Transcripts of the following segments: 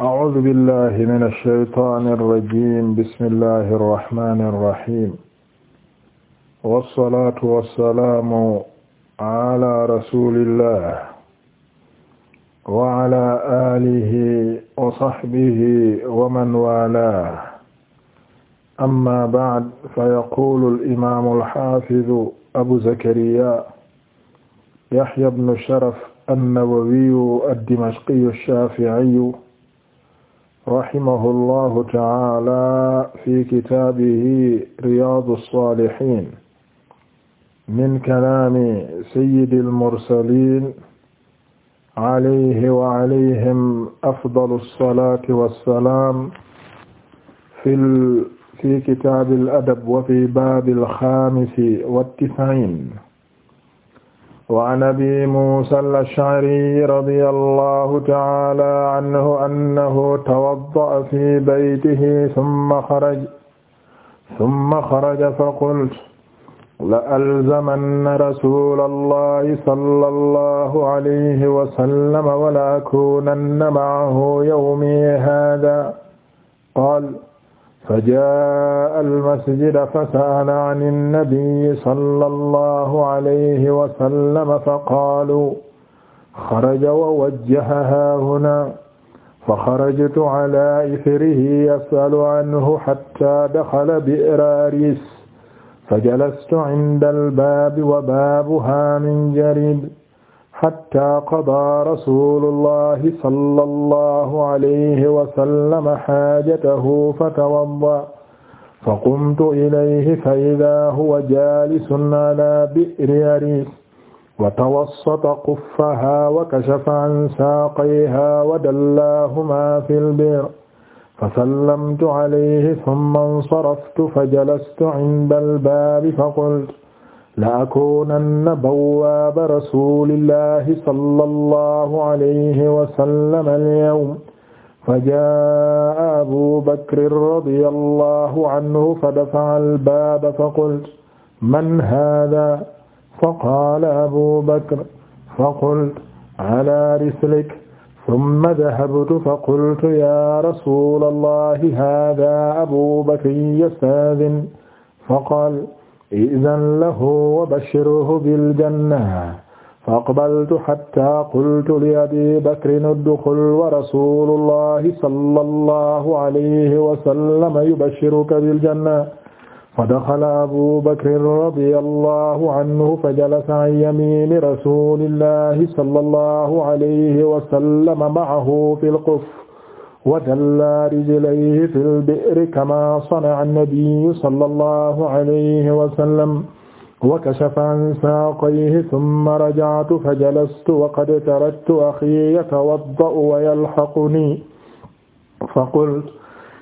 أعوذ بالله من الشيطان الرجيم بسم الله الرحمن الرحيم والصلاة والسلام على رسول الله وعلى آله وصحبه ومن والاه أما بعد فيقول الإمام الحافظ أبو زكريا يحيى بن شرف النووي الدمشقي الشافعي rahimahu llahu ta'ala fi kitaabihi riyaadu saalihiin min kalaami sayyidi al-mursaliin alayhi wa alayhim afdalu salaati wa salaam fi kitaabil adab wa fi baabil xaamisi wat tis'iin وعن أبي موسى الأشعري رضي الله تعالى عنه أنه توضأ في بيته ثم خرج ثم خرج فقلت لألزمن رسول الله صلى الله عليه وسلم ولأكونن معه يومي هذا قال فجاء المسجد فسأل عن النبي صلى الله عليه وسلم فقالوا خرج ووجه هاهنا فخرجت على إثره يسأل عنه حتى دخل بئر أريس فجلست عند الباب وبابها من جريد xataa qadaa rasuulullahi sallallahu alayhi wa sallam xaajatahu fatawadda faqumtu ilayhi fa idaa huwa jaalisun alaa bi'ri ariis wa tawassata quffahaa wa kashafa an saaqayhaa wa dallaahumaa fil bi'r fasallamtu alayhi summa insaraftu fajalastu cinda albaabi faqultu la akoonanna bawwaaba rasulillahi sallallahu alayhi wa sallam al-yawm fajaa abu bakrin radiyallahu anhu fadafa'a al-baaba faqultu man haadaa faqaala abu bakr faqultu alaa rislik summa dahabtu faqultu yaa rasuulallahi haadaa abu bakrin yastaadhin faqaala idan lahu wa bashirhu biljanna faqbaltu hatta qultu li abi bakrin udxul wa rasulullahi sallallahu alayhi wa sallam yubashiruka biljanna fadaxala abu bakrin radiyallahu anhu fajalasa an yamini rasulillahi sallallahu alayhi wa sallam ma'ahu fil qurf wa dalla rijlayhi fil bi'ri kamaa sana'a an-nabiyyu sallallahu alayhi wa sallam wa kashafa an saaqayhi thumma raja'tu fajalastu wa qad taraktu akhii yatawadda'u wa yalhaqunii faqultu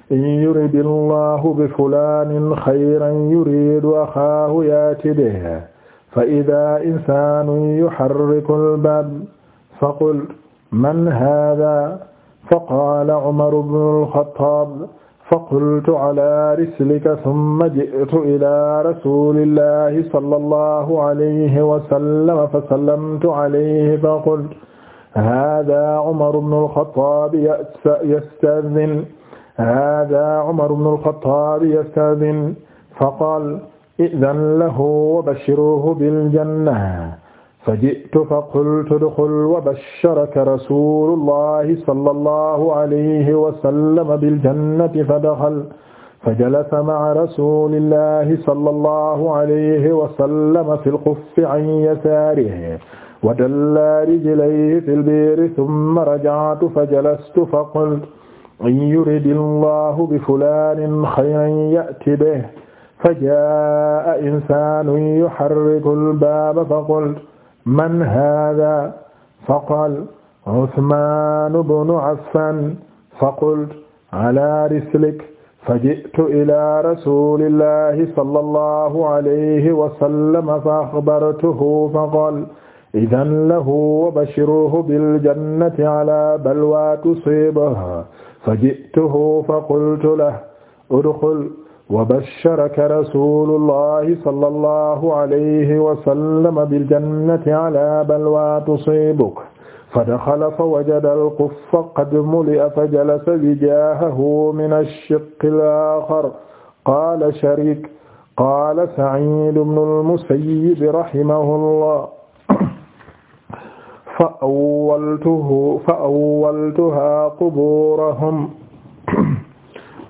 in yuridi Allahu bi fulaanin khayran yuridu akhaahu yaati bihi fa-idhaa insaanun yuharriku al-baab faqultu man haadhaa fa qaala Umaru bnu al-Xattaab fa qultu ala rislika summa ji'tu ila rasulillahi sallallahu alayhi wa sallam fa sallamtu alayhi fa qultu haaza Umaru bnu al-Xattaab yasta'zin haaza Umaru bnu al-Xattaab yasta'zin fa qaala i'zan lahu wa bashiruhu bil janna faji'tu faqultu udxul wa basharaka rasuulullahi sallallahu alayhi wa sallam bil jannati fadaxal fajalasa ma'a rasuulillahi sallallahu alayhi wa sallam fil quffi an yasaarihi wa dalla rijlayhi fil biiri summa raja'tu fajalastu faqultu in yuridillahu bi fulaanin xayran ya'ti bihi fajaa'a insaanun yuharriku al-baaba faqultu man haadaa faqal Usmaan ibnu Affaan faqultu alaa rislik faji'tu ilaa rasuulillaahi sallallahu alayhi wa sallam fa axbartuhu faqal idan lahu wa bashiruhu biljannati ala balwa tusiibuhu faji'tuhu faqultu lahu udxul wa basharaka rasuulullahi sallallahu alayhi wa sallam bil jannati ala balwa tusibuk fa daxala fa wajada al-quffa qad muli'a fa jalasa bijaahahu min ash-shiqqi al-aaxar qaala Shariik qaala Sa'iid ibnu al-Musayyib rahimahullah fa awwaltuhu fa awwaltuhaa qubuurahum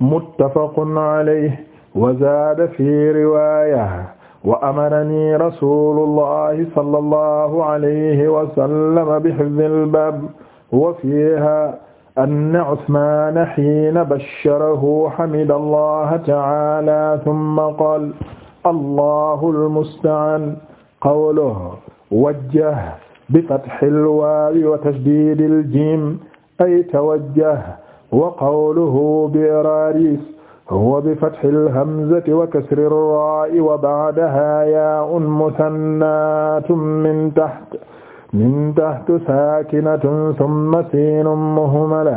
muttafaqun alayhi wa zaada fi riwaaya wa amarani rasulullahi sallallahu alayhi wa sallam bi hifzil baab wa fiihaa anna Usmaana hiina bashsharahu hamida allaha ta'aalaa thumma qaala allahul musta'aan qawluhu wajjaha bi fathil waawi wa tashdiidil jiim ay tawajjaha wa qawluhu bi raris wa bi fathi alhamzati wa kasri raa'i wa ba'daha yaa'un musannatun min taht min tahti saakinatun summa siinun muhmala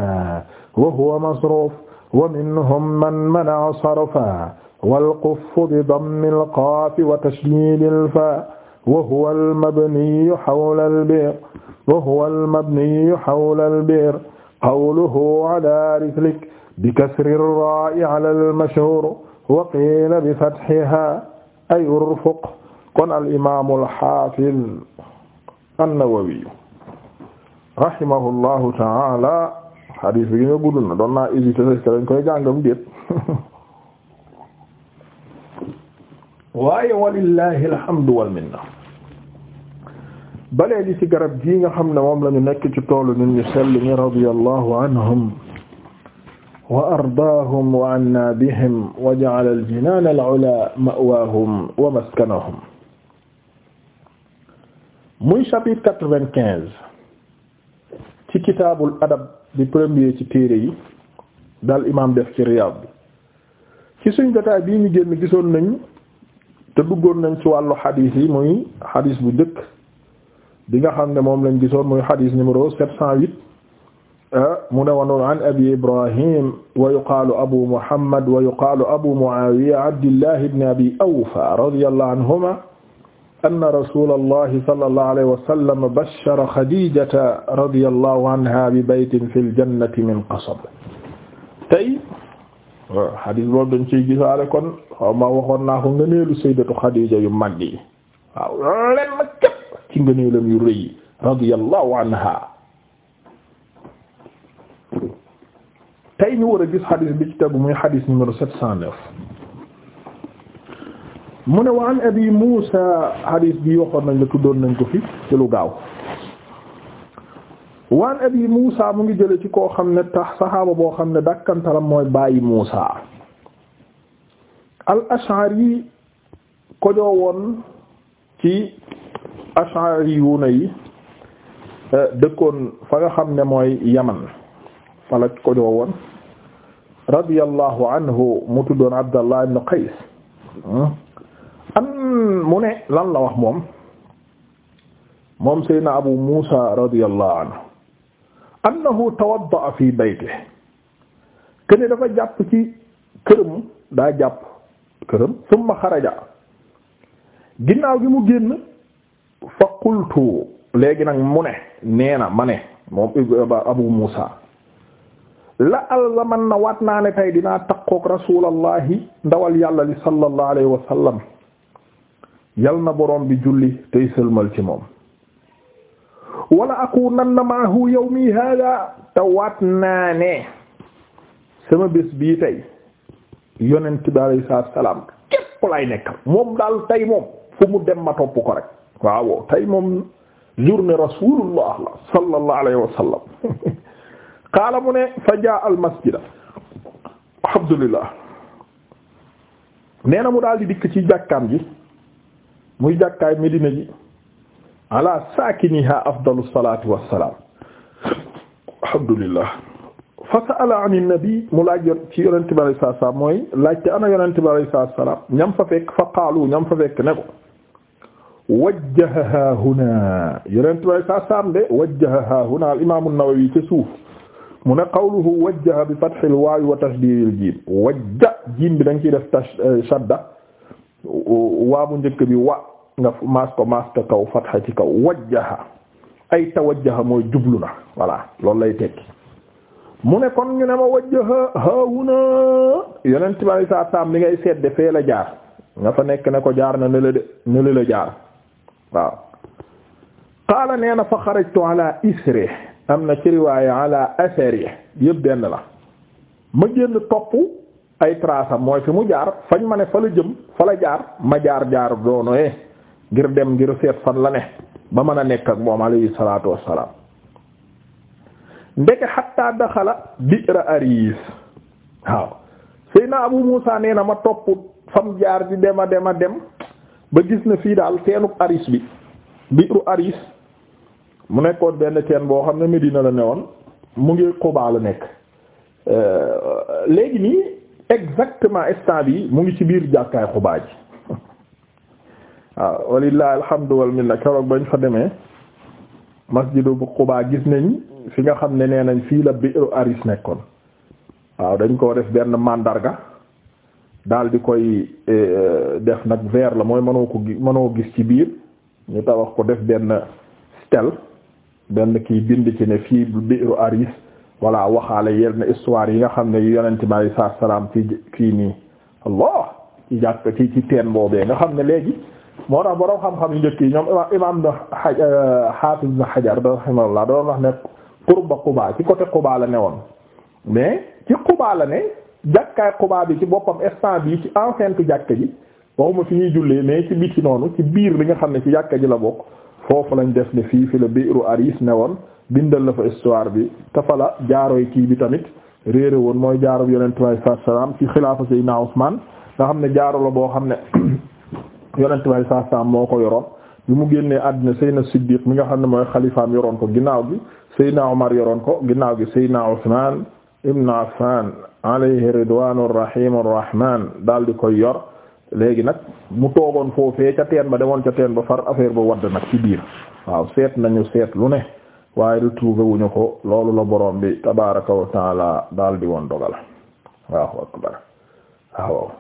wa huwa masruuf wa minhum man mana'a sarfa walquffu bi dammi alqaafi wa tashdiidi alfaa wa huwa almabniyyu hawla albi'r wa huwa almabniyyu hawla albi'r qawluhu ala rislik bi kasri raa'i ala al-mashhuur wa qiila bi fathihaa ay urfuq kon al imaamu al-haafiz an-Nawawi rahimahullahu ta'aala hadiis bi nga gudd na doon naa hésité est-ce que dañ koy jàngam déet waaye walillaahi alhamdu wal minna ba léegi ci garab gii nga xam ne moom la ñu nekk ci toolu ñun ñu sell ñi radiyallahu anhum wa ardaahum wa anna bihim wa ja'ala al-jinaana al-'ulaa ma'waahum wa maskanahum muy chapitre quatre-vingt-quinze ci kitaabul adab di premier ci téere yi daal imaam def ci Riyaad bi ci suñ jotaay bii ñu génn gisoon nañ te duggoon nañ ci wàllu xadiis yi muy xadiis bu njëkk bi nga xam ne moom lañ gisoon muy xadis numéro 708 ah, mu ne woon an abi ibrahim wa yuqaalu abu muhammad wa yuqaalu abu muawiya abdillah ibn abi awfa radiyallahu anhuma anna rasulallahi sallallahu alayhi wa sallam bashara xadijata radiyallahu anha bi baytin fil jannati min qasab tey waaw xadis boobu dañ ciy gisaale kon xaw ma waxoon naa ko ngëneelu sayyidatu xadija yu mag yi waaw ci ngëneelam yu rëy yi anha tey ñu war a gis xadis bi ci tegu muy xadis numéro mu ne wa an abi Muusa xadis bi waxoon nañ la tuddoon nañ ko fi ci lu gaaw waan abi Muusa mu ngi jële ci koo xam ne tax saxaaba boo xam ne dakkantaram mooy bàyyi Muusa al Ash'ari kojoo woon ci ashariyuuna yi eh, dëkkoon fa nga xam ne mooy yaman fala ko joo woon radiyallahu anhu mu tuddoon abdallah ibn qays hmm? an mu ne lan la wax moom moom seydna abu muusa radiyallahu anhu annahu tawadda fi bayte kene dafa jàpp ci këram daa jàpp këram summa xaraja ginnaaw gi mu génn fa qultu léegi nag mu ne nee na ma moom abu muusa la alzaman na wat naa ne tey dinaa takkook rasulallahi ndawal yàlla li sallallahu yal na boroom bi julli tey sëlmal ci moom wala akuunanna maahu yawmi hada te waat naa ne sama bés bii tey yonent bi alayhi salaam képp lay nekkal moom daal tey moom fu mu dem ma ko rek waaw tey moom journée rasulullah la sallallahu alayhi wa sallam qaala mu ne fa jaa al alhamdulillah nee mu daal di dikk ci jàkkaam ji muy jàkkaay Medina ji ala saakiniha afdalu salaatu wassalaam alhamdulillah fa sa'ala laaj yon ci yonente bi alayhi salaatu wa salaam mooy ana yonente bi alayhi salaatu salaam ñam fa fekk fa qaalu ñam fa fekk ne ko wajjaha haahuna yeneen tubaab saa saam de wajjaha haahuna al imaamu Nawawi ca suuf mu ne qawluhu wajjaha bi fathil waawi wa tashdiidil jiim wajja jiim bi da nga ciy def tash eh, shadda waa njëkk bi wa nga maas ko kaw fatha ci kaw wajjaha ay tawajjaha mooy jublu na voilà loolu lay tekki. mu ne kon ñu ne ma wajjaha haahuna yeneen tubaab saa saam li ngay seet de fee jaar nga fa nekk ne ko jaar na ne de ne la jaar. waaw qaala nee na fa xarajtu ala isri am na ci riwaaya ala asari yëpp benn la ma génn topp ay trasam mooy fi mu jaar fañ ma ne fa la jëm fa la jaar ma jaar jaar doonoe ngir dem ngir seet fan la ne ba mën a nekk ak moom alayhi salaatu wassalaam ndeke xatta daxala bi'ra aris waaw sëy na abu muusa nee ma topp fam jaar di dema dema dem ba gis na fii daal teenu aris bi biiru aris mu nekkoon benn teen boo xam ne Medina la newoon mu ngi Quba la nekk euh, léegi nii exactement instant yi mu ngi ci biir jàkkaay xubaa ji waaw walillahi alhamdu wal minna keroog bañ fa demee masjidu bu Quba gis nañ fi nga xam ne nee nañ fii la biiru aris nekkoon waaw dañ koo def benn màndarga daal di koy eh, eh, def nag verre la mooy mënoo ko gis ci biir ñu tabax ko def benn stèle benn kii bind ci ne fii biiru Aris voilà waxaale yenn histoire yi nga xam ne yu yonente bi alei salaam ci nii allah ci jàkk ci ci teen boobee nga xam ne léegi moo tax borom xam-xam yu njëkk yi ñoom imam na eh, hafiz na hajar rahimahullah doon wax ne qurba Quba ci côté Quba la ne woon mais ci Quba ne jàkkaay Quba bi ci boppam instant bi ci enceinte jàkka ji waxuma fi ñuy jullee mais ci biti noonu ci biir li nga xam ne ci jàkka ji la bokk foofu lañu def ne fii fi la biiru Aris ne woon bindal la fa histoire bi te jaaro yi kii bi tamit réer woon mooy jaaro yonent bi saa salaam ci xilaafa Seydina Usmaan nga xam ne jaaro la boo xam ne yonent bi saa moo ko yoroon bi mu génnee àddina Seydina Siddiq mi nga xam ne mooy xalifaam yoroon ko ginnaaw gi Seydina Umar yoroon ko ginnaaw gi Seydina Usmaan ibn Affaan alayhi ridwaanu rahimu daal di koy yor léegi nag mu toogoon foofee ca teen ba demoon ca teen ba far affaire ba wadd nag ci biir waaw seet nañu seet lu ne waaye retrouvé wuñu ko loolu la borom bi tabaaraka wa taala daal di woon dogal waaw akbar waaw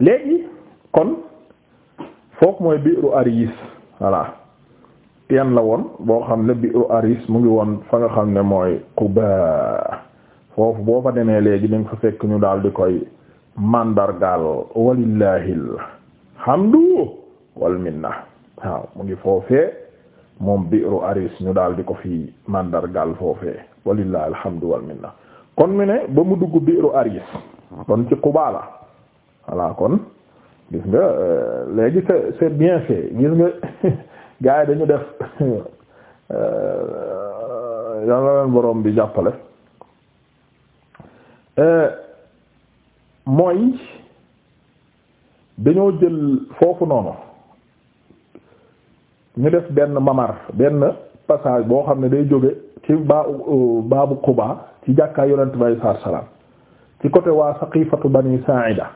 léegi kon foofu mooy biiru Aris voilà teen la woon boo xam ne biiru Aris mu ngi woon fa nga xam ne mooy Quba foofu boo fa demee léegi ni nga fa fekk ñu daal di koy mandargaal walillahil hamdu wal waaw mu ngi foofee moom biiru aris ñu daal di ko fi mandargaal foofee walillahil hamdu wal kon mi ne ba mu dugg biiru aris kon ci Quba la voilà kon gis nga euh, léegi c'est c'est bien fait gis nga gars dañu def yàlla euh, leen borom bi jàppale Euh, mooy dañoo jël foofu noonu ñu def benn mamar benn passage boo xam ne day jóge ci baabu euh, baabu Quba ci jàkkaay yonent bi alayhi salaatu salaam ci côté waa Saqifatu Bani Sa'ida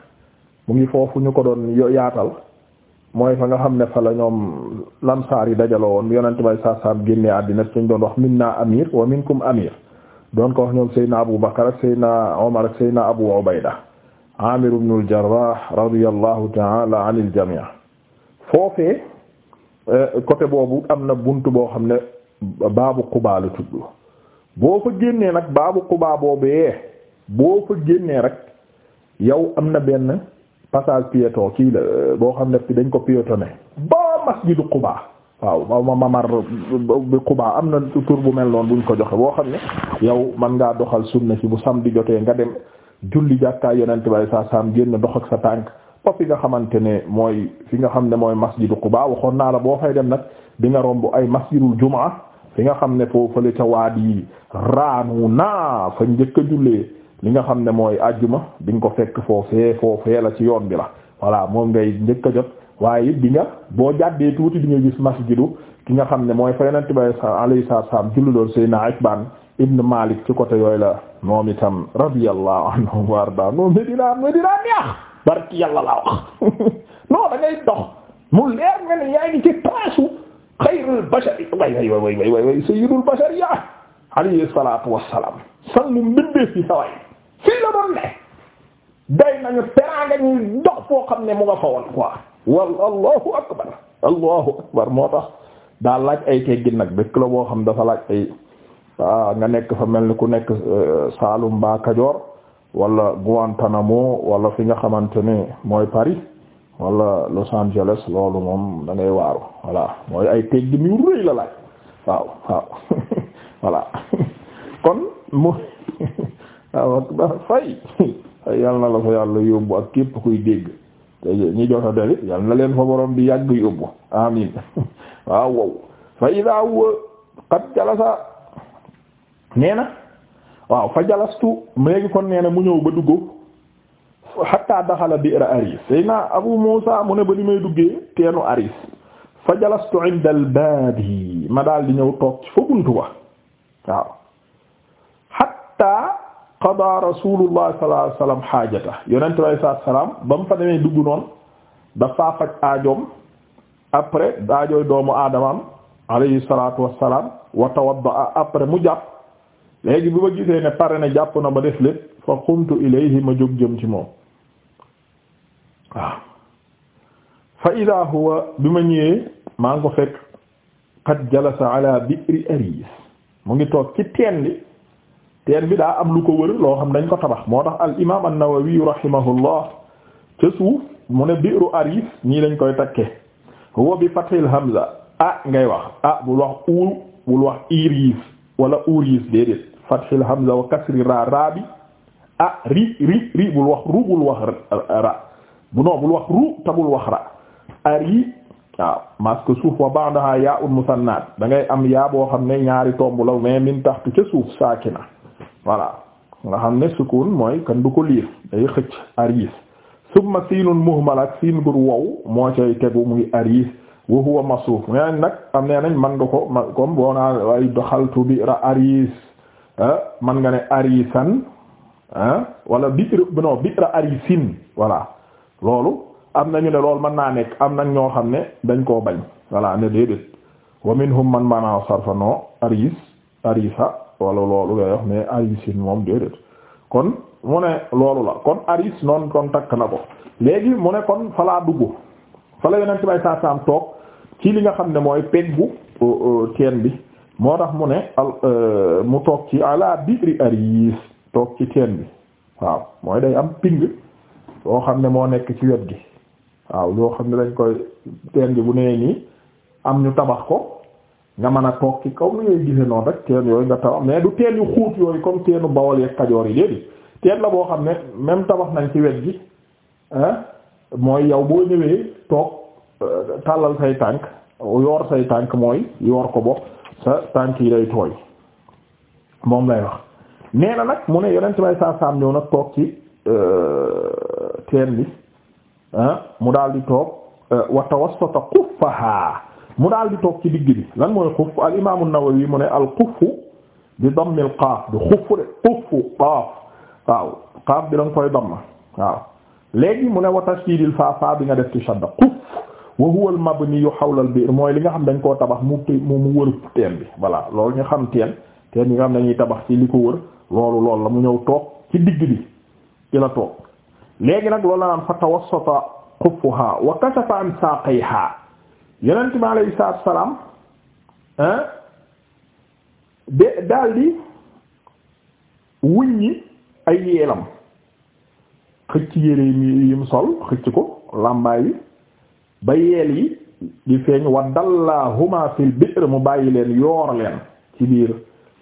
mu ngi foofu ñu ko doon yaatal mooy fa nga xam ne fa la ñoom lamsaar yi dajaloo woon yonent bi alayhi salaatu salaam génnee àddina suñ doon wax minna amir wa minkum amir doon ko wax ñoom Seydina Abu Bakar ak Seydina Omar ak Seydina Abu Ubayda Amir ibn al-Jarrah ta'ala anil jami' foofee eh, côté boobu am na buntu boo xam ne baabu Quba la tudd boo fa génnee nag baabu Quba boobee boo fa génnee rek yow am na benn passage piéton kii boo xam ne dañ ko piétonné ba masjidu Quba waaw ma mamar bi Quba am na tur bu mel noon buñ ko joxe boo xam ne yow man ngaa doxal sunna si bu sam di jotee nga dem julli jàkkaay yonent bay sa sam génn dox ak sa tànk ba fi nga xamante ne mooy fi nga xam ne mooy masjidu Quba waxoon naa la boo fay dem nag di nga romb ay masjidul jumaa fi nga xam ne foofale ca waad yi raanu naa fa njëkk a jullee li nga xam ne mooy ajjuma di nga ko fekk foofee foofee la ci yoon bi la voilà moom ngay njëkk a jot waaye it nga boo jàddee tuuti di gis masjidu ki nga xam ne mooy fa yonent bi alayhi salaam julli lool Seydina Itbaan ibn Malik ci côté yooyu la moom itam radiyallahu anhu warda no Medina Medina barki yàlla laa wax non da ngay dox mu leer nga ne yaa ngi ci taasu xayrul bashari way way way way sayyidul bashariya alayhi salaatu wassalaam sangu mbindee fi saway fii la doon ne day nañu teraanga ñuy dox foo xam ne mu nga fa woon quoi wal allahu akbar allahu akbar moo tax daa laaj ay teggin nag dëkk la boo xam dafa laaj ay ah nga nekk fa mel ni ku nekk euh, Saalum ba Kajoor wala Guantanamo wala fi nga xamante ne mooy Paris wala Los Angeles loolu moom dangay ngay waaru voilà mooy ay teggin yu rëy la laaj waaw waaw voilà kon mu waaw fay yal na la fa yàlla yóbbu ak képp kuy dégg ñi jot a derit yal na leen fa borom bi yàgg yóbbu amin waaw wow fa idaa qad jalasa nee waaw fa jalastu léegi kon nee mu ñëw ba dugg hatta daxala bi'ra aris sayna abu musa mu ne ba ni may duggee teenu aris fa jalastu inda al daal di ñëw toog ci qada rasulullah sallallahu alayhi wasallam xaajata yonent bi salaam ba mu fa dugg noonu dafa faj aajoom après aajooy doomu aadamaam alayhi salaatu wassalaam wa tawadda après mu jàpp léegi bi ma gisee ne pare na jàpp na ba def lépp fa qumtu ilayhi ma jóg jëm ci moom waaw fa idaa huwa bi ma ñëwee maa ngi ko fekk qad jalasa ala bi'ri aris mu ngi toog ci teen li teen bi daa am lu ko wër loo xam dañ ko tabax moo tax al imaam an-Nawawi rahimahullah ca suuf mu ne biiru arif ñii lañ koy takke huwa bi fathil hamza ah ngay wax ah bul wax uur bul wax iriis wala uriis déedéet fathil hamza wa kasri ra ra bi ah bul wax ru bul wax ra bu non bul wax ru te bul wax ra ari waaw parce suuf wa ba'daha ya'un musannat da ngay am yaa boo xam ne ñaari tomb la mais min taxtu ca suuf saakina voilà nga xam ne sukun mooy kan du ko liir day xëcc ariis summa siinun muhmal ak siin gur wow moo cay tegu muy ariis wa huwa masuuf mais nag am nee nañ man nga ko comme boo naa ay doxaltu bi ariis man nga ne ariisan wala bi non ariisin voilà loolu am nañu ne lool mën naa nekk am nag ñoo xam ne dañ koo bañ voilà ne déedéet wa minhum man maanaa sarfa no ariis ariisa wala loolu ngay wax mais arisin moom déedéet kon mu ne loolu la kon aris noonu kon takk na ko léegi mu ne kon falaa dugg fala yonent bay saasaam toog ci li nga xam ne mooy peggu euh, euh, teen bi moo tax mu ne al euh, mu toog ci ala biiri aris toog ci teen bi waaw mooy day am ping loo xam ne moo nekk ci wet gi waaw loo xam ne dañ koy teen bi bu nee nii am ñu tabax ko nga mën a toog ci kaw mi ngay gise noonu rek teen yooyu nga tabax mais du teen yu xuut yooyu comme teenu bawal yeeg kajoor yi déedéet teen la boo xam ne même tabax nañ ci wet gi mooy yow boo toog euh, tàllal say tànk yoor tànk mooy yoor ko bokk sa tànk yi day tooy moom lay wax nee na nag mu ne yonent may saa saam ñëw nag toog ci euh, teen bi mu daal di toog euh, wa tawassata quffaha mu daal di toog ci digg bi lan mooy xuf al imam an-Nawawi mu ne al xuf bi dammil qaaf bi xuf de xuf qaaf waaw qaaf bi da koy damma waaw léegi mu ne wa tashdidil fa fa bi nga def ci shadda xuf wa huwa al mabni hawla al bi'r mooy li nga xam dañ koo tabax mu mu mu wër teen bi voilà loolu ñu xam teen teen yi nga xam dañuy tabax ci li ko wër loolu loolu la mu ñëw toog ci digg bi ci toog léegi nag loolu la naan fa tawassata xufuha wa kashafa an saqayha yonent bi alayhi salaatu salaam de daldi wuññi ay yeelam xëcc yére yi mu sol xëcc ko làmbaay yi ba yeel yi di feeñ wa dallahuma fil bi'r mu bàyyi leen yoor leen ci biir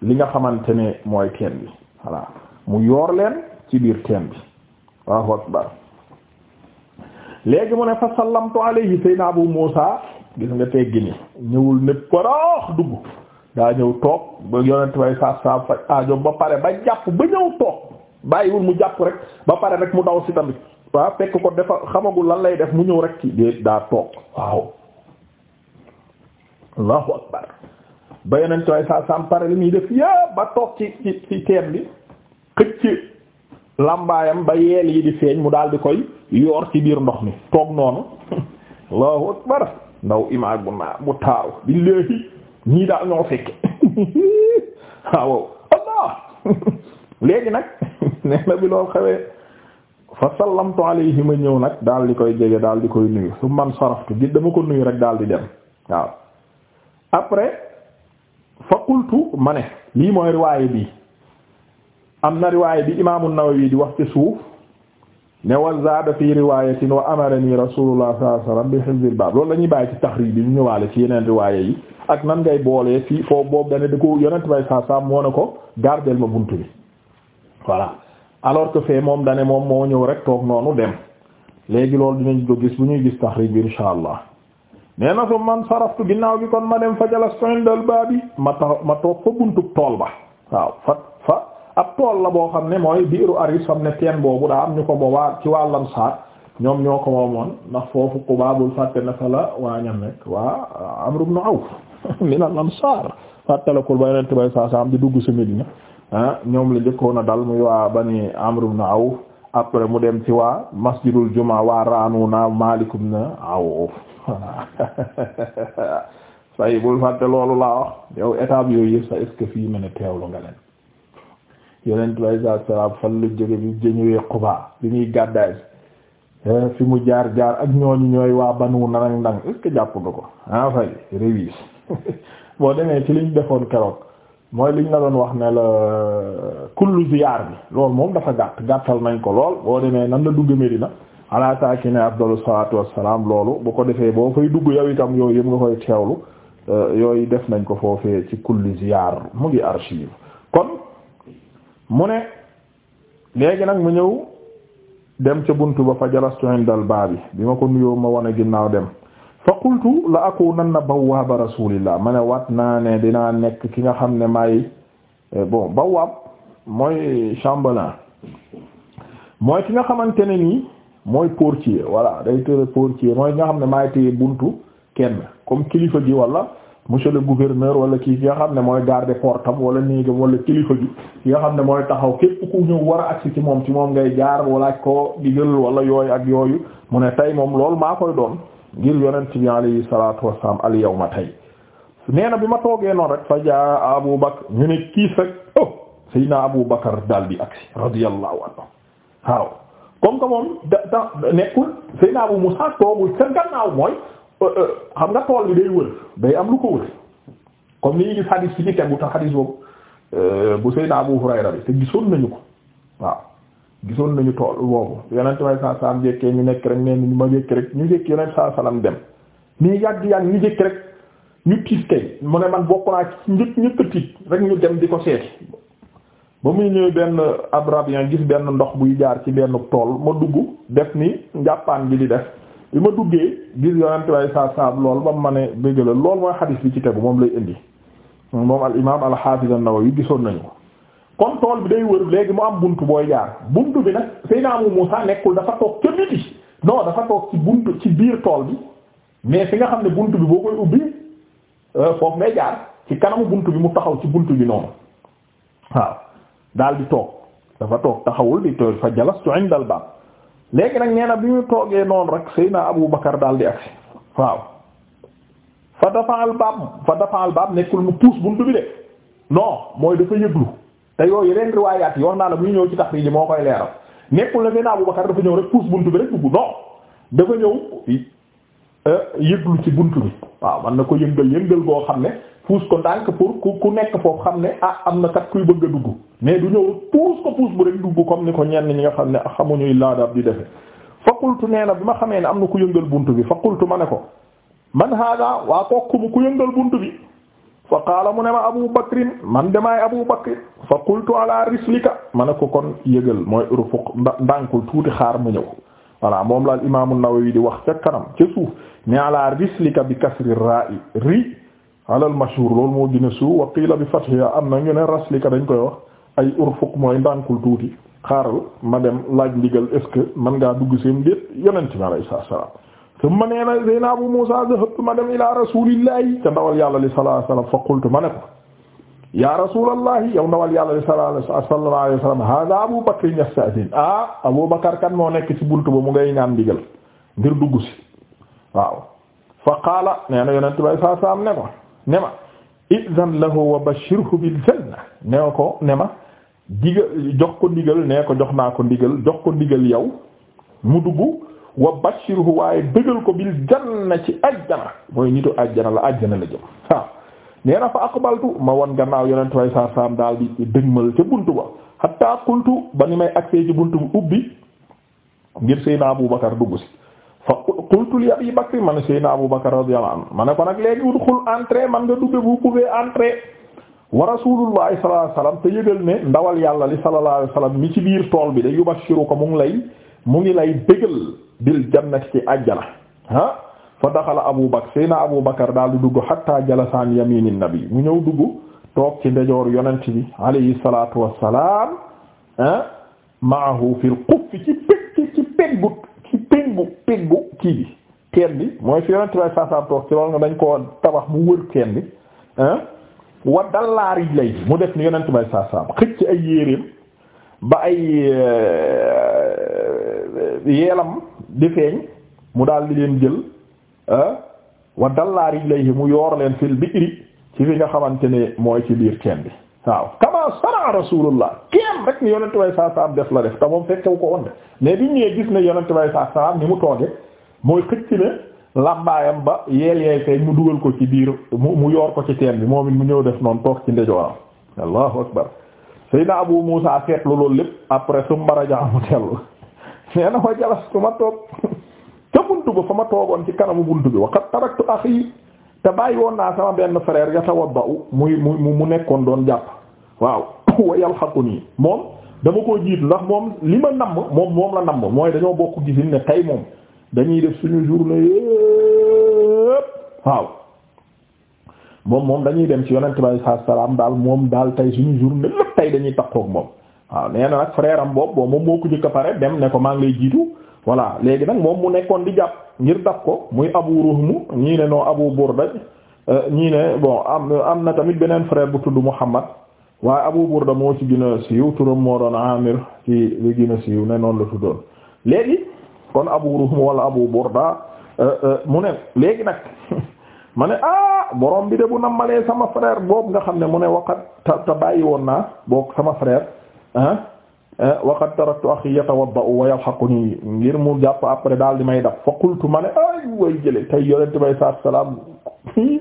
li nga xamante ne mooy teen bi mu yoor leen ci biir teen bi waaw akbar léegi mu ne fa sallamtu alayhi sayna gis nga teggi ni ñëwul ne paraax dugg daa ñëw toog ba yonent bay saab faj aajo ba pare ba jàpp ba ñëw toog bàyyiwul mu jàpp rek ba pare rek mu daw si tamit waaw fekk ko dafa xamagul lan lay def mu ñëw rek ci dée daa toog waaw allahu akbar ba yonent bay saab saab pare li muy def yëpp ba toog ci ci ci teen bi xëcc lambaayam ba yeel yi di feeñ mu daal di koy yoor ci biir ndox mi toog noonu allahu akbar ndaw imaam bu naa bu taaru bi léegi ñii daal ñoo fekke léegi nag nee na bi lool xewee fa sallamtu alayhi ma ñëw nag daal di koy jege daal di koy nuyu su man saraftu gi dama ko nuyu rek daal di dem waaw après fa qultu lii mooy riwaay bi am na riwaay bi imaamu Nawawi di wax ci suuf ne wa zaada fi riwayatin wa amarani rasulullah sallallahu alayhi wasallam bi hifzil baab loolu la ñuy bàyyi ci taxrij bi ñu ñëwaale ci yeneen riwaaya yi ak nan ngay boolee fii foofu boobu dane da ko yonent bay saa sam moo ne ko gardel ma bunt bi voilà alors que fee moom dane moom moo ñëw rek toog noonu dem léegi loolu dinañ ko gis bu ñuy gis taxrij bi insha allah nee na su man saraftu ginnaaw bi kon ma dem fa jalastu indal baabi baa tax ma toog fa buntu tool ba waaw ab tool la boo xam ne mooy biiru aris xam teen boobu daa am ñu ko boobaa ci waa Lamsaar ñoom ñoo ko moomoon ndax foofu Qubaabul fàtte na fa la waa ñan nekk waa Amru ibn Awf min al-Ansaar di dugg ci Medina ah ñoom la njëkkoon a dal muy waa bani Amru ibn après mu dem ci waa masjidul jumaa waa Raanuuna Maalik ibn Awf say bul fàtte loolu laa wax yow étape yooyu sa est fii mën teewlu nga leen yonent bi alayhi salaatu salaam fan la jóge bi jëñëwee Quba bi ñuy gàddaay eh, fi mu jaar jaar ak ñooñu ñooy waa ban nanang ndang est-ce que ko ah fay révise boo demee ci liñ defoon keroog mooy liñ la doon wax ne la kullu ziyaar bi loolu moom dafa gàtt gàttal nañ ko lool boo demee nan la dugg Medina ala saakine afdalu salaatu wassalaam loolu bu ko defee boo fay dugg yow itam yooyu yëpp nga koy teewlu eh, yooyu def nañ ko foofee ci kullu ziyaar mu ngi mu ne léegi nag mu ñëw dem ca bunt ba fa jalastu inda al baabi bi ma ko nuyoo ma wane ginnaaw dem fa qultu la akunanna bawwaaba rasulillah ma ne wat naa ne dinaa nekk ki nga xam ne maay eh, bon bawwaab mooy chambellan mooy ki nga xamante ne nii mooy portier voilà day tëre portier mooy ki nga xam ne maay téye buntu kenn comme kilifa gi walla monsieur le gouverneur wala kii ki nga xam ne mooy garde portam wala néegam wala kilifa bi ki nga xam ne mooy taxaw képp ku ñëw war a agsi ci moom ci moom ngay jaar walaaj koo digal wala yooyu ak yooyu mu ne tey moom loolu maa koy doon ngir yonent bi alayhi salatu wasalaam al yawma tey nee na bi ma toogee noonu rek fa ja Abu Bakr ñu ne kiis rek oh Seydina Abu Bakr daal di agsi radiyallahu anhu waaw comme que moom da da nekkul Seydina Abu Musa toogul sa gannaaw Euh, euh, xam nga tool bi day wër day am lu ko wër comme ni ñu gis xadis bi ci tegu te xadis boobu euh, bu Seydina Abu Hurayra bi te gisoon nañu ko waaw gisoon nañu tool boobu yonent may saa saam jékkee ñu nekk rek nee ñu ma jékk rek ñu jékk yonent saa salam dem nii yàgg yàgg ñu jékk rek ñu tiis kay mu ne man bokk naa ci njëkk njëkk tiit rek ñu dem di ko seeti ba muy ñëwee benn ab rabien gis benn ndox buy jaar ci benn tool ma dugg def ni njàppaan gi di def bi ma duggee gis yonent way saab saab lool ba mu ma ne bëggalal lool mooy xadis bi ci tegu moom lay indi moom al imaam al xaafiz an-Nawawi gisoon nañu ko kon tool bi day wër léegi mu am bunt booy jaar buntu bi nag Seydina Abu Muusaa nekkul dafa toog ca biti non dafa toog ci ci biir tool bi mais fi nga xam ne bunt bi boo koy ubbi euh, foofu ngay jaar ci kanamu buntu bi mu taxaw ci buntu bi noonu waaw daal di toog dafa toog taxawul di toog fa jalastu inda al baab léegi nag neena na bi ñu toogee noonu rek Seydina Abu Bakar daal di agsi waaw fa dafa al baab fa dafa al baab nekkul mu puus buntu bi de non mooy dafa yëglu te yooyu yeneen riwaayaat yi wax naa la bu ñëw ci tax yi moo koy leeral nekkul la Seydina Abu Bakar dafa ñëw rek puus buntu bi rek dugg non dafa ñëw euh, yëglu ci bunt bi waaw man na ko yëngal yëngal boo xam ne puus ko ndànk pour ku ku nekk foofu xam ne ah am na kat kuy bëgg a dugg mais du ñëw puus ko puus bu rek dugg comme ni ko ñenn ñi nga xam ne xamuñuy laadab di defe fa qultu nee na bi ma xamee ne am na ku yëngal bunt bi fa qultu ma ne ko man hada waa kokku mu ku yëngal bunt bi fa qaala mu ne ma abu bakrin man demaay abu bakrin fa qultu ala rislika ma ne ko kon yëgal mooy urufuq ndànkul tuuti xaar mu ñëw voilà moom la al imam an-Nawawi di wax ca kanam ca suuf ne ala rislika bi kasri ra'i ri ala al mashhur loolu moo gën a suuf wa qiila bi fathiha am na ñu ne dañ koy wax ay urfuk mooy ndànkul tuuti xaaral ma dem laaj ndigal est man ngaa dugg seen déet yonent mi alayhi salaam te ma nee na Seyna Abu Muusa zahabtu ma dem ila rasulillahi te ndawal yàlla li fa qultu ma ne ko ya rasulallahi yow ndawal yàlla li sallallahu alayhi wasallam hada Abu Bakr kan moo nekk ci buntu ba mu ngay ñaan ndigal ngir dugg si waaw fa qaala nee na yonent bi sallallahu alayhi wasallam ne ko ne ma idan lahu wa bashirhu bil janna ne ko ne ma digal jox ko ndigal nee ko jox naa ko ndigal jox ko ndigal yow mu dugg wa bashirhu waaye bëggal ko bil janna ci ajjana mooy nitu ajjana la ajjana la jëm waaw nee na fa aqbaltu ma wan gannaaw yonent way saar saam daal di dëgmal ca bunt ba hatta qultu ba ni may agsee ci buntu bu ubbi ngir Seydina Abu Bakar dugg si fa qultu li Abi Bakr man Seydina Abu Bakar radiyallahu anhu ma ne ko nag léegi udxul entrée man nga dugge bu pouvez entrer wa rasulullahi sallallahu alayhi wasallam te yëgal ne ndawal yàlla li sallallahu alayhi wasallam mi ci biir tool bi de yubashiru ko mu ngi lay mu ngi lay bégal bil jannati ci àjjana ah fa daxala Abu Bakr sayna Abu Bakr daal di dugg hatta jalasaan yamini nabi mu ñëw dugg toog ci ndejoor yonent bi alayhi salatu wassalam ah maahu fil quffi ci pegg ci peggu ci peggu kii bi teen mooy fi yonent bi saa saa toog ci lool nga dañ koo tabax mu wër teen bi wa dallaa rijlayhi mu def ni yonent may saa saam xëcc ay yéreem ba ay euh, yeelam di feeñ mu daal di leen jël ah, wa dallaa rijlayhi mu yoor leen fil bi'ri ci fi nga xamante ne mooy ci biir teen bi waaw kama sara rasulullah kéem rek ni yonent may saa saam def la def te moom ko woon de mais bi ñëwee gis ne yonent may saa ni mu tooge mooy xëcc ne lambaayam ba yeel yeey feeñ mu dugal ko ci biir mu mu yoor ko ci teen bi moom it mu ñëw def noonu toog ci ndejooram allahu akbar Seydina Abu Muusa seetlu loolu lépp après su mbaraja mu tellu nee na wa jalastu ma toog ca buntu ba fa ma toogoon ci kanamu buntu bi waqad taraktu axi te bàyyi woon naa sama benn frère yatawaddau muy mu mu nekkoon doon jàpp waaw wa yalhaquni moom dama koo jiitu ndax moom li ma namm moom moom la namm mooy dañoo bokk gisin ne tay moom dañuy def suñu journée yépp waaw moom moom dañuy dem ci yonent bi saa salaam daal moom daal tey suñu journée lépp tey dañuy takkook moom waaw nee na nag frère am boobu moom moo ko jëkk a pare dem ne ko maa ngi lay jiitu voilà léegi nag moom mu nekkoon di jàpp ngir daf ko muy Abu Ruhm ñii ne non Abu Burda euh, ñii ne bon am am na tamit beneen frère bu tudd Muhammad waaye Abu Burda moo ci gën siiw turam moo doon Amir ci li gën siiw ne noonu la tuddoon kon Abu Ruhm wala Abu Burda euh, euh, mu ne léegi nag ma ne ah borom bi de bu nammalee sama frère boobu nga xam ne mu ne waqat ta ta bàyyi woon naa boog sama frère ah waqat taraktu akhi yatawadda'u wa yalhaquni ngir mu jàpp après daal di may daf fa qultu ma ne ay way jële tay yonente bay saa salaam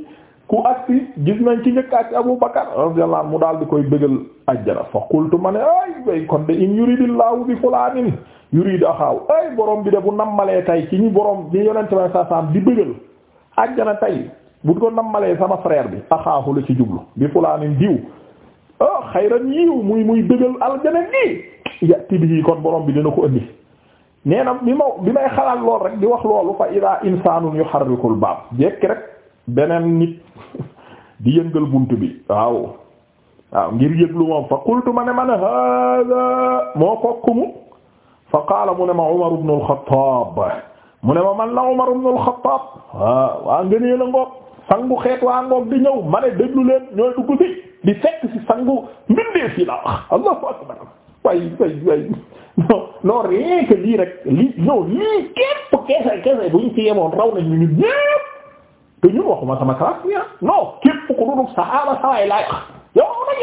ku agsi gis nañ ci njëkk agsi Abu Bakar mu daal di koy bëggal ajjana fa qultu ma ne ay way kon de in yuridillahu bi fulaanin yuridu axaaw ay borom bi de bu nammalee tay ci ñi borom ñi yonent bay saa saam di bëggal àjjana tay bu ko nammalee sama frère bi axaahu la ci jublu bi fulaanin diw ah xayran yiw muy muy bëggal aljana nii yàtti bi kon borom bi dina ko indi nee na bi ma bi may xalaat lool rek di wax loolu fa ida insanun yuharrikul baab jekki rek beneen nit di yëngal bunt bi waaw waaw ngir yëglu moom fa qultu ma ne man hada moo kokkumu fa qaala mu ne ma Umar ibn al-Khattab mu ne ma man la Umar ibn al-Khattab waaw ah, waa ngënee la ngoog sangu xeet waa ngoog di ñëw ma ne déglu leen ñooy dugg si di fekk si sangu mbindeef yi la Allahu akbar way way way non non rien que lii rek lii non lii képp keese keese bu ñu ci yemoon raw nañ ñu ñépp te ñun waxuma sama classe bi ah non képp ku dul saxaaba sawaay laay wax yow raw nañ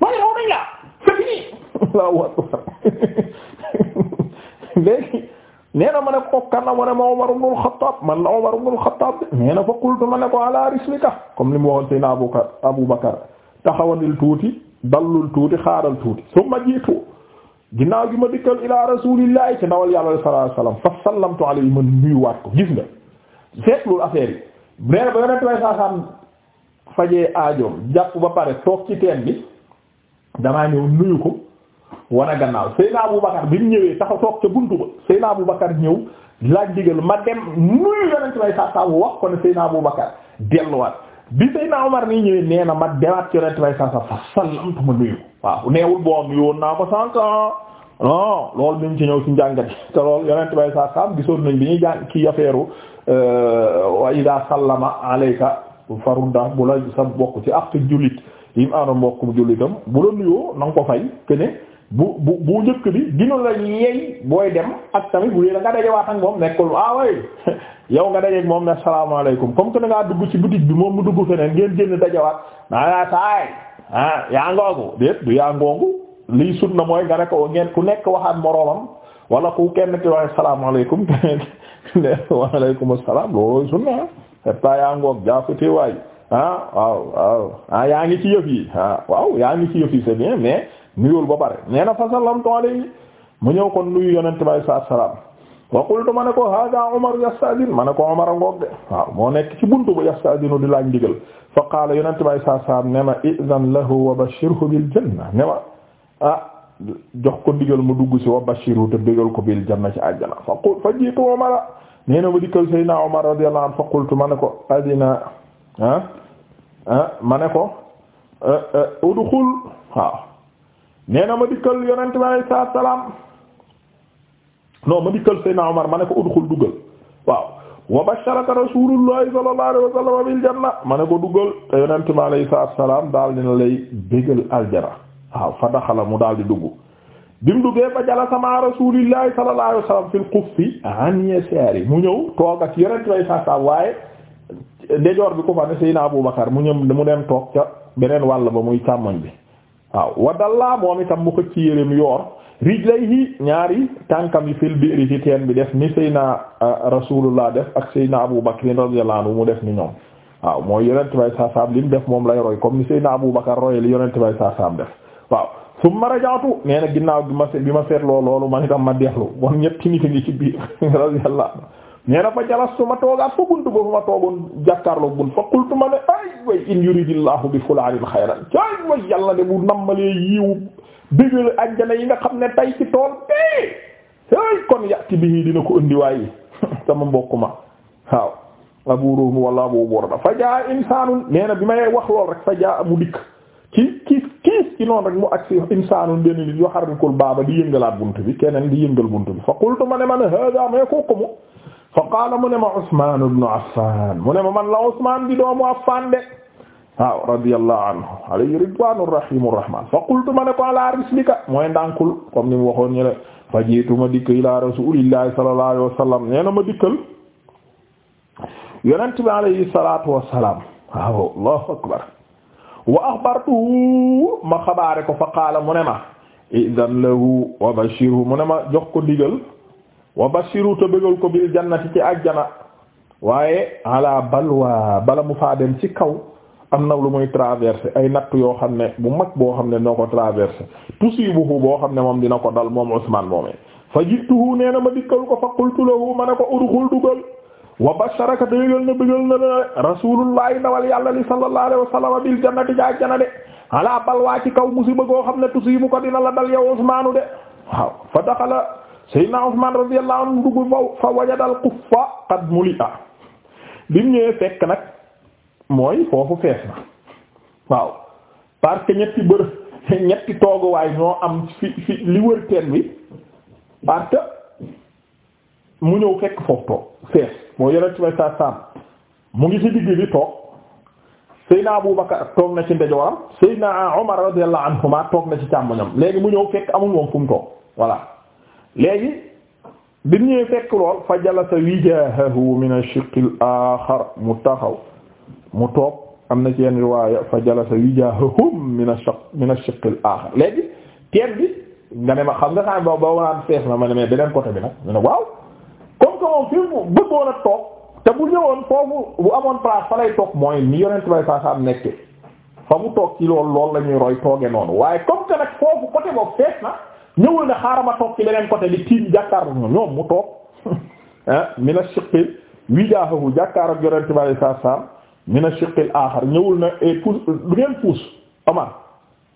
la waaye raw nañ la c'est fini léegi nee ma ne ko kan la ma ne ma Umar ibn al-Khattab man na Umar ibn al-Khattab nee na fa qultu ma ne ko ala rislika comme li mu waxoon Seydina Abu Abu Bakar taxawanil tuuti dallul tuuti xaaral tuuti ma jiitu ginnaaw gi ma dikkal ila rasulillahi ci ndawal yàlla sallallahu alayhi wasallam fa sallamtu alayhi ma nuyuwaat ko gis nga seetlu affaire yi nee na ba yonent way saasaan fajee aajoom jàpp ba pare toog ci teen bi damaa ñëw nuyu ko wane gannaaw Seydina Aboubacar bi mu ñëwee taxa ca buntu ba Seydina Aboubacar ñëw laaj digal ma dem nuyu yonent bay saa saa wax ko ne Seydina Aboubacar delluwaat bi Seydina Omar nii ñëwee nee na ma demaat ci yonent bay saa saa fa sallamtu ma nuyu waaw neewul boo nuyu woon naa ko sànq ah. non loolu dañ ci ñëw ci njàngat te loolu yonent bay saa saa gisoon nañ bi ñuy jàng ci affaire euh, wa ida sallama alayka farudda bu la sa bokk ci ak jullit yi mu bu bu bu njëkk bi dina la yeey booy dem ak tamit bu dee da nga dajewaat ak moom nekkul ah way yow nga dajeeg moom ne salaamaaleykum comme que da ngaa dugg ci boutique bi moom mu dugg feneen ngeen génn dajewaat naa yaa taay ah yaa ngoogu déet du yaa ngoogu lii sunna mooy nga ne ku nekk waxaat moroomam wala ku kenn ki wax salaamaaleykum waaleykum salaam loolooy sunna c'est pas yaa ngoog jaafute waay ah waaw waaw ah yaa ngi ci yëf yi ah waaw yaa ngi ci yëf nuyul ba pare nee na fa sallamtu mu ñëw kon nuyu yonent bi alayhi wa qultu ma ne ko hada Umar yastadin ma ne ko Umar ngoog de waaw moo nekk ci buntu ba yastadinu di laaj ndigal fa qaala yonent bi alayhi salaatu izan lahu wa bashirhu bil janna ne ma ah jox ko ndigal mu dugg si wa bashirhu te bégal ko bil janna ci àjjana fa qul fa jiitu Umar nee na ma dikkal Seydina Umar radiyallahu anhu fa qultu ma ne ko adina ah, ah, ma ne ko eh, eh, udxul waaw nee ma dikkal yonent bi alayhi salaatu salaam non ma dikkal Seydina Omar ma ne ko udxul duggal waaw wa rasuulullahi sallallahu alayhi ma ne ko duggal te yonent bi alayhi salaatu salaam daal dina lay bégal aljana waaw fa daxala mu daal di dugg bi mu duggee fa jalasa ma rasuulillahi sallallahu alayhi wa sallam fil xuffi mu ñëw toog ak yonent bi alayhi salaatu salaam waaye ndejoor bi ku fa ne Seydina Abu Bakar mu ñëw mu dem toog ca beneen wàll ba muy càmmoñ bi. waaw laa moom itam mu xëcc yéreem yoor rijlayhi ñaari tànkam yi fil bi'ri ci teen bi def ni sayna euh, rasulullah def ak sayna abu bakr radiyallahu anhu mu def ni ñoom waaw mooy yonent bay saasaam lim def moom lay roy comme ni sayna abu bakar roye li yonent bay saasaam def waaw summa rajaatu nee na ginnaaw bi ma bi ma seetloo loolu man ma deexlu kon ñetti nit a ngi ci biir radiyallahu nee na fa jalastu ma toogaat fa buntu ba fu ma toogoon jàkkaarloog bunt fa qultu ma ne ay way in yuridillahu bi fulaanin xayran jaay way yàlla de bu yi nga xam ne tay ci tool kon yàtti bi dina ko indi waaye sama ma waaw abu ruhum wala abu burda fa jaa insaanun nee na bi may wax lool rek fa ki kiis kiis ci noonu rek mu agsi insaanun benn bunt bi keneen di yëngal bunt bi fa qultu ma ne man hada mais kooku mu fa qaala mu ne ma Usmaan ibnu Affaan mu ne ma man la Usmaan di doomu Affaan de waaw radiyallahu anhu alayhi ridwaanu rahiimu rahmaan fa qultu ma ne ko ala rislika mooy ndànkul comme ni mu waxoon ñu ne fa jiitu ma dikk ila rasuulillahi sallallahu alayhi wa sallam nee na ma dikkal yonent bi alayhi salaatu wa salaam waaw allahu akbar wa axbartuhu ma xabaare ko fa qaala mu ne ma idan lahu wa bashirhu mu ne ma jox ko ndigal wa bashiru te bëggal ko bil jannati ci ajjana waaye ala balwa bala mu faa dem ci kaw am na lu muy traversé ay natt yoo xam ne bu mag boo xam ne noo ko traversé tusibuhu boo xam ne moom dina ko dal moom Usmaan moomee fa jituhu ne na ma dikkal ko fa qultu lahu ma ne ko udxul dugal wa basharaka te yëgal na bëggal na la rasulullahi ndawal yàlla li sa alayhi wa sallam bil jannati ja jana de ala balwa ci kaw musiba koo xam ne tusibu ko dina la dal yow Usmaanu de Seydina Usmaan radiyallahu anhu dugg fa fa wajadal kuffa qad mulia bi mu ñëwee fekk nag mooy foofu fees na waaw parce que ñetti bër ñetti tooguwaay ñoo am fi fi li wër teen bi parce que mu ñëw fekk foofu toog fees moo yonent may sa saam mu ngi ci digg bi toog Seydina Abu Bakar toog na ci ndejooram Seydina Umar radiyallahu anhuma toog na ci càmmoñam léegi mu ñëw fekk amul moom fu toog voilà léegi bi ñuy fekk lool fa jalasa wijaahahu min ash-shiqq al-axar mu taxaw mu toog am na ci yenn riwaaya fa jalasa wijaahahum min ash-shiqq min ash-shiqq al-axar léegi teen bi nga ne ma xam nga xam ba ba waan fees na ma ne mais beneen côté bi nag ñu ne waaw comme que moom fi mu bëggoon a toog te bu ñëwoon foofu bu amoon place fa lay toog mooy ni yonent bay saa am nekke fa mu toog ci loolu lool la ñuy roy toogee noonu waaye comme que nag foofu côté ñëwul ne xaaral ma toog ci beneen côté bi tiim jàkkaarloo ñoom mu toog ah mina shiqqil wijaahu jàkkaarloo Yonent bi sallallahu alayhi wasallam mina shiqqil aaxar ñëwul na et eh, pousse du ngeen pousse Omar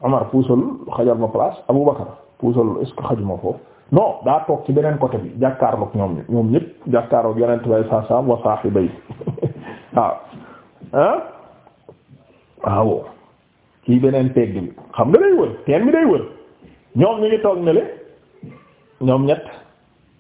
Omar puusal xajal ma place Aboubacar puusal est xajuma foofu non daa toog ci beneen côté bi jàkkaarloog ñoom ñoom ñëpp jàkkaarloog Yonent bi sallallahu alayhi wa saahibayhi waaw ah waaw kii beneen pegg bi xam nga day wër teen bi day wër. ñoom ñu ngi toog ne ñoom ñett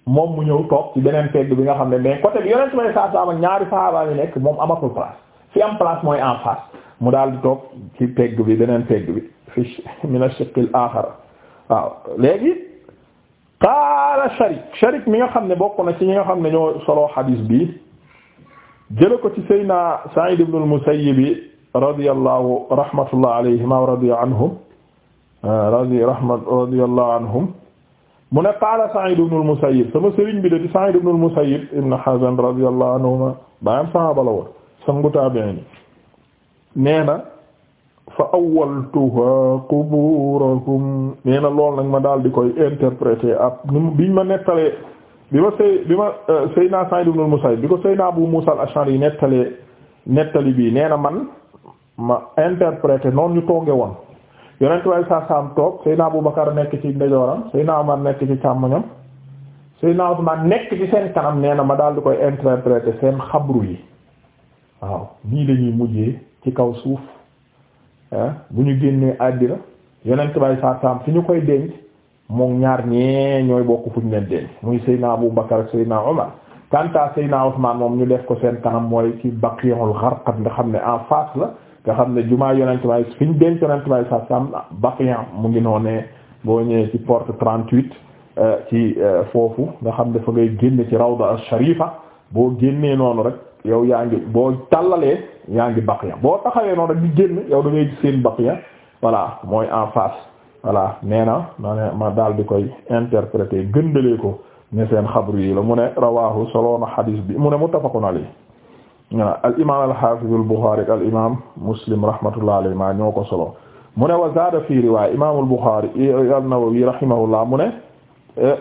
moom mu ñëw toog ci beneen pegg bi nga xam ne mais côté bi yonent may saa ñaari saaba yi nekk moom amatul place fi am place mooy en face mu daal di toog ci pegg bi beneen pegg bi fi min ash-shiqq al waaw léegi qaala Sharik Sharik mi nga xam ne bokk na ci ñi nga xam ne ñoo solo xadiis bi jële ko ci Seydina Sa'id ibn al-Musayyib radiyallahu rahmatullah alayhima wa radiya anhum radi rahmat radiyallahu anhum mu ne qaala Sa'id ibn al-Musayyib sama sëriñ Sa'id ibn al ibn Hazn radiyallahu anhuma baayam sahaaba la woon sangu taabi'iin nee na fa awwaltuha quburahum nee lool nag ma daal di koy interpréter ab biñ ma nettalee bi ma sëy bi ma euh, Seydina Sa'id ibn al bi ko Seydina Abu Musa al-Ash'ari nettalee nettali bii nee na man ma interpréter noonu ñu tooge woon yonent way sa saam toog Seydina Abubakar nekk ci ndeyjooram Seydina Umar nekk ci càmmoñam Seydina Usmaan nekk ci seen kanam nee na ma daal di koy interpréter seen xabru yi waaw nii lañuy mujjee ci kaw suuf bu ñu génnee àddina yonent way sa saam fi ñu koy denc moom ñaar ñee ñooy bokk fu ñu leen denc muy Seydina Abubakar ak Seydina Umar kanta Seydina Usmaan moom ñu def ko seen kanam mooy ci Baqi'ul Gharqad nga xam ne en face la nga xam ne jumaa yonent may fi ñu denc yonent may sa sam baqiyan mu ngi noonee boo ñëwee ci porte 38 euh, ci euh, foofu nga xam ne fa ngay génn ci raw rawda ash-sharifa boo génnee noonu rek yow yaa ngi boo tàllalee yaa ngi baqiya boo taxawee noonu rek di génn yow da ngay seen baqiya voilà mooy en face voilà nee na ma ne ma daal di koy interpréter gëndalee ko ne seen xabru yi la mu ne rawahu soloona xadiis bi mu ne muttafaqun alayhi al imaam al haafiz al Buxaari ak al ñoo ko solo mu ne wa zaada fii riwaaya imaamul Buxaari an-Nawawi rahimahullah mu ne eh,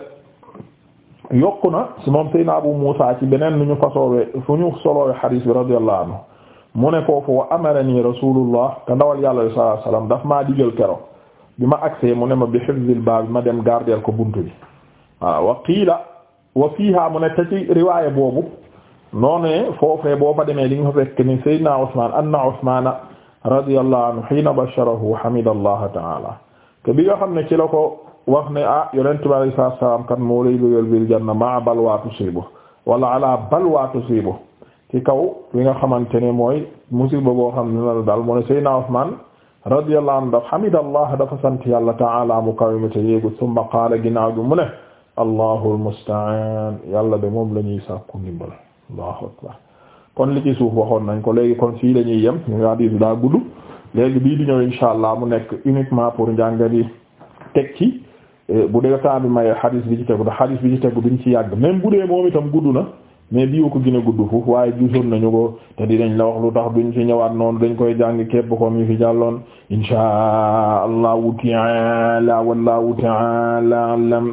na si moom Seydina Abu Muusa ci beneen lu ñu fasoowe fu ñu soloowe xadiis bi radiyallahu anhu mu ne foofu wa amarani rasulullah te ndawal yàlla sallallahu alayhi wasallam daf maa digal kero bi ma agsee mu ne ma bi hifzil baab ma dem gardeel ko buntu bi waaw wa qiila wa fiiha mu ne te ci boobu noonee foofee boo fa demee li nga fa fekk ni sayyidina Usmaan anna Usmaana radiyallahu anhu hiina basharahu hamidallaha ta'ala te bi nga xam ne ci la ko wax ne ah yonent bi alayhi salaatu wa moo lay bëggal bil janna ma'a balwa tusiibu wala ala balwa tusiibu ci kaw li nga xamante ne mooy musiba boo xam ne la daal moo ne sayyidina Usmaan radiyallahu anhu daf hamidallaha dafa sant yàlla ta'ala mu kaw mi te yéegu summa qaala ginnaaw gi mu ne allahul musta'aan yàlla de moom la ñuy sàkku ndimbal Allahu akbar kon li ci suuf waxoon nañ ko léegi kon fii la yem ñu hadiis bi daa léegi bii di ñëw insha allah mu nekk uniquement pour njàngat yi teg ci eh, bu dee temps bi may hadiis bi ci tegu da hadiis bi ci tegu duñ ci yàgg même bu dee moom itam gudd na mais bii wa ko gën gudd foofu waaye gisoon nañu ko te nañ la wax lu tax duñ fi ñëwaat noonu dañ koy jàng képp ko mi fi jàlloon insha allahu taala wallahu taala alam